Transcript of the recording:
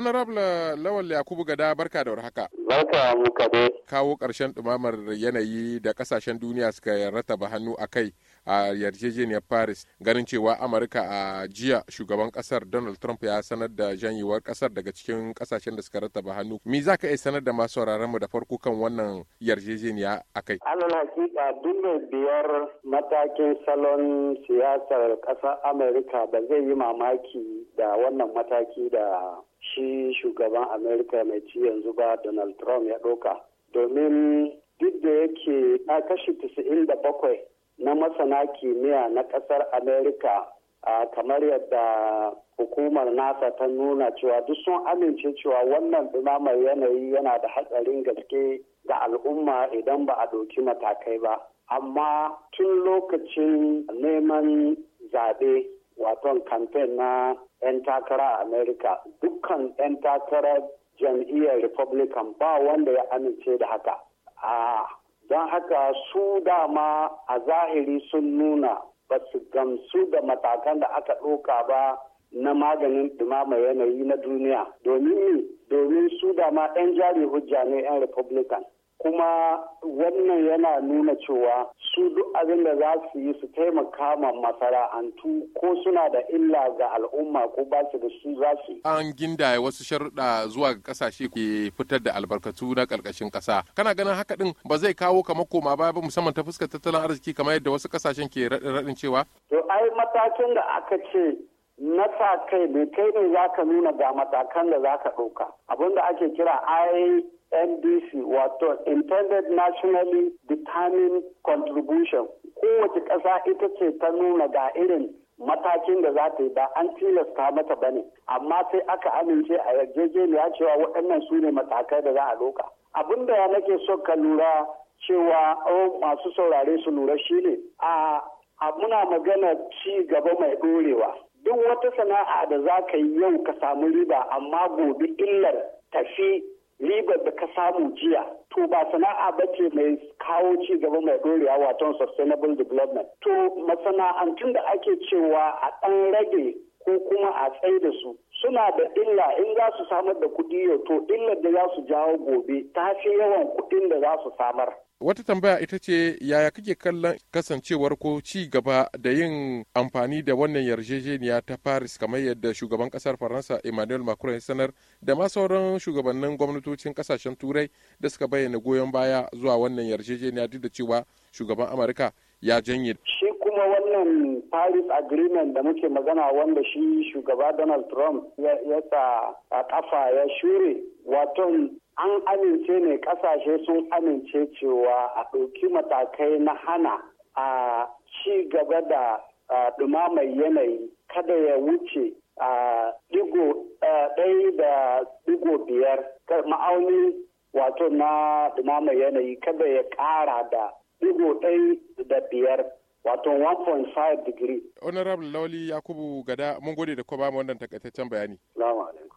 Honorable Lawal Yakubu Gada barka da warhaka. Barka mu Kawo ƙarshen dumamar yanayi da kasashen duniya suka rataba hannu a kai a yarjejeniyar Paris ganin cewa Amurka a jiya shugaban kasar Donald Trump ya sanar da janyewar kasar daga cikin kasashen da suka rataba hannu. Me za ka iya sanar da masu mu da farko kan wannan yarjejeniya a kai? Alal hakika duk biyar matakin salon siyasar ƙasar Amurka ba zai yi mamaki da wannan mataki da shi shugaban amerika mai ci yanzu ba donald trump ya ɗauka domin duk da yake a kashi 97 na masana kimiyya na ƙasar amerika kamar yadda hukumar nasa ta nuna cewa duk sun amince cewa wannan dumamar yanayi yana da hatsarin gaske ga al'umma idan ba a ɗauki matakai ba amma tun lokacin neman zaɓe waton kamfen na 'yan takara a america dukkan 'yan takarar jam'iyyar republican ba wanda ya amince da haka a don haka su dama a zahiri sun nuna ba su gamsu da matakan da aka ɗauka ba na maganin dumama yanayi na duniya domin domin su dama 'yan jari hujja ne 'yan republican kuma wannan yana nuna cewa su duk abin da za su yi su taimaka ma masana'antu ko suna da illa ga al'umma ko ba su da su za su yi. An gindaya wasu sharuɗa zuwa ga ƙasashe ke fitar da albarkatu na ƙarƙashin ƙasa. Kana ganin haka ɗin ba zai kawo kamar koma ba ba musamman ta fuskar tattalin arziki kamar yadda wasu ƙasashen ke raɗin cewa? To ai matakin da aka ce na sa kai mai kai ne za ka nuna ga matakan da za ka ɗauka abinda ake kira INDC wato intended nationally determined contribution kowace ƙasa ita ce ta nuna ga irin matakin da za ta yi ba an tilasta mata ba ne amma sai aka amince a yarjejeniya cewa waɗannan su ne matakai da za a ɗauka abin da nake so ka lura cewa oh, masu saurare su lura shine a muna magana ci gaba mai ɗorewa duk wata sana'a da za ka yi yau ka samu riba amma gobe illar tafi ribar da ka samu jiya to ba sana'a ba ce mai kawo ci gaba mai dorewa wato sustainable development to masana'antun da ake cewa a ɗan rage ko kuma a tsai da su suna da illa in za su samar da kuɗi yau to illar da za su jawo gobe ta fi yawan kuɗin da za su samar. Wata tambaya ita ce yaya kake kallon kasancewar ko ci gaba da yin amfani da wannan yarjejeniya ta Paris kamar yadda shugaban kasar Faransa Emmanuel Macron ya sanar da ma sauran shugabannin gwamnatocin kasashen Turai da suka bayyana goyon baya zuwa wannan yarjejeniya duk da cewa shugaban Amurka ya janye. Shi kuma wannan paris agreement da muke magana wanda shi shugaba donald trump ya sa a kafa ya shure waton an amince ne kasashe sun amince cewa a ɗauki matakai na hana a ci gaba da ɗumamar yanayi kada ya wuce a digo ɗaya da digo biyar ma'auni wato na ɗumamar yanayi kada ya ƙara da digo ɗaya da biyar wato 1.5 degree. Honorable Lawli Yakubu Gada mun gode da kuma wannan takaitaccen bayani. Salamu alaikum.